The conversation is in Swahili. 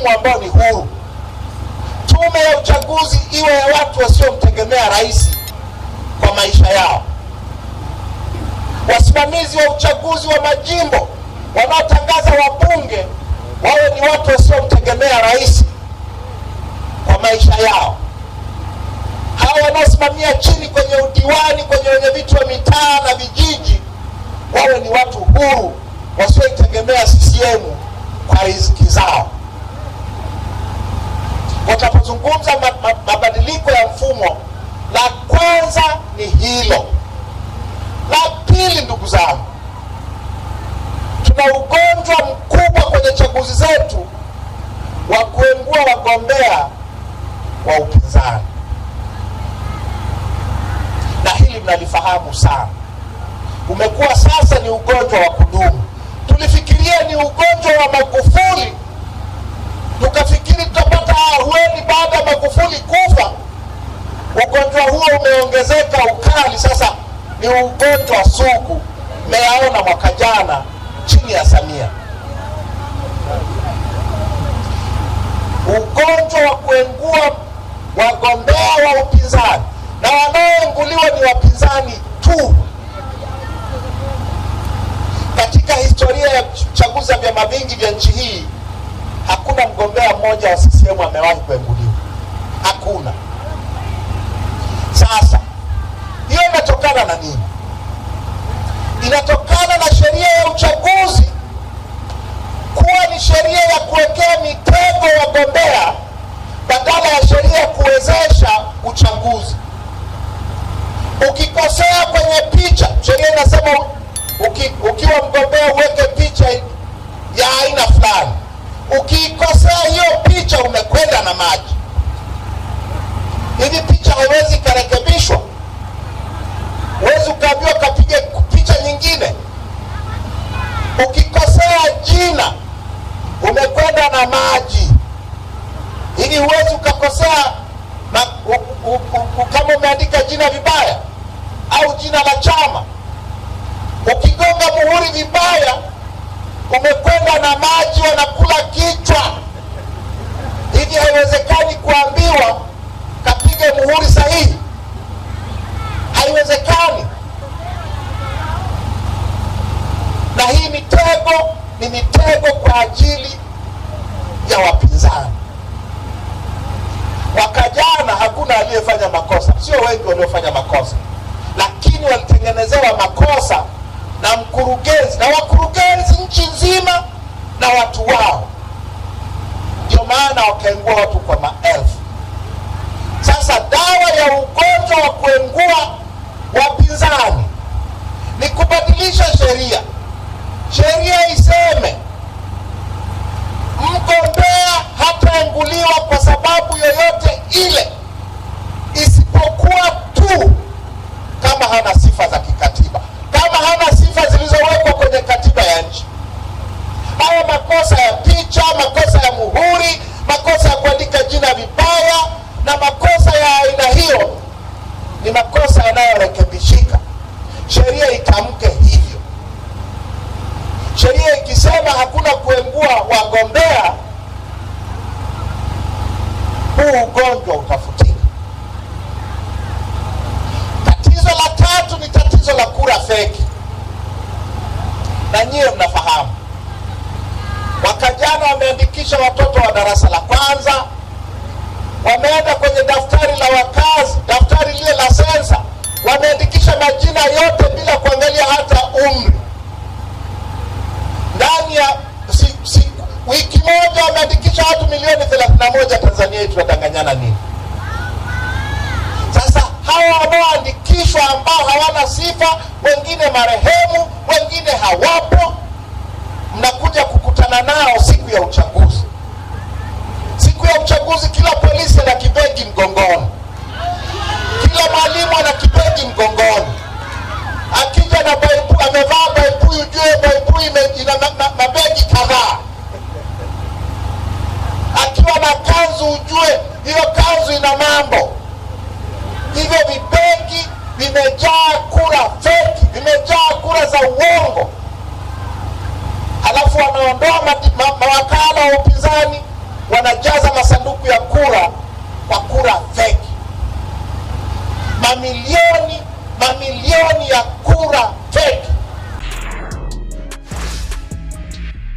sehemu ambayo ni huru. Tume ya uchaguzi iwe ya watu wasiomtegemea rais kwa maisha yao. Wasimamizi wa uchaguzi wa majimbo wanaotangaza wabunge wawe ni watu wasiomtegemea rais kwa maisha yao. Hawa wanaosimamia chini kwenye udiwani, kwenye wenyeviti wa mitaa na vijiji wawe ni watu huru wasioitegemea CCM kwa riziki zao tunapozungumza mabadiliko ya mfumo, la kwanza ni hilo. La pili, ndugu zangu, tuna ugonjwa mkubwa kwenye chaguzi zetu wa kuengua wagombea wa upinzani, na hili mnalifahamu sana. Umekuwa sasa ni ugonjwa wa kudumu. Tulifikiria ni ugonjwa wa Magufuli umeongezeka ukali sasa ni ugonjwa sugu. Meyaona mwaka jana chini ya Samia, ugonjwa wa kuengua wagombea wa upinzani, na wanaoenguliwa ni wapinzani tu. Katika historia ya chaguzi za vyama vingi vya nchi hii hakuna mgombea mmoja wa CCM amewahi kuenguliwa, hakuna. inatokana na nini? Inatokana na sheria ya uchaguzi kuwa ni sheria ya kuwekea mitego wagombea badala ya sheria ya kuwezesha uchaguzi. Ukikosea kwenye picha, sheria inasema uki, ukiwa mgombea uweke picha ya aina fulani, ukiikosea Ukikosea jina umekwenda na maji, ili huwezi ukakosea kama umeandika jina vibaya au jina la chama. Ukigonga muhuri vibaya, umekwenda na maji, wanakula kichwa. Hivi haiwezekani kuambiwa kapige muhuri sahihi, haiwezekani. hii mitego ni mitego kwa ajili ya wapinzani. Mwaka jana hakuna aliyefanya makosa, sio wengi waliofanya makosa, lakini walitengenezewa makosa na mkurugenzi na wakurugenzi nchi nzima na watu wao, ndio maana wakaengua watu kwa maelfu. Sasa dawa ya ugonjwa wa kuengua wapinzani ni kubadilisha sheria. Shame ukisema hakuna kuembua wagombea, huu ugonjwa utafutika. Tatizo la tatu ni tatizo la kura feki, na nyiwe mnafahamu, mwaka jana wameandikisha watoto wa darasa la kwanza, wameenda kwenye daftari la wakazi, daftari lile la sensa, wameandikisha majina yote wiki moja ameandikisha watu milioni 31 Tanzania, tunadanganyana nini? Sasa hawa wanaoandikishwa ambao hawana sifa, wengine marehemu, wengine hawapo, mnakuja kukutana nao siku ya uchaguzi. Siku ya uchaguzi kila polisi na kazi na mambo hivyo. Vipengi vimejaa kura feki, vimejaa kura za uongo, halafu wameondoa ma mawakala wa upinzani, wanajaza masanduku ya kura kwa kura feki mamilioni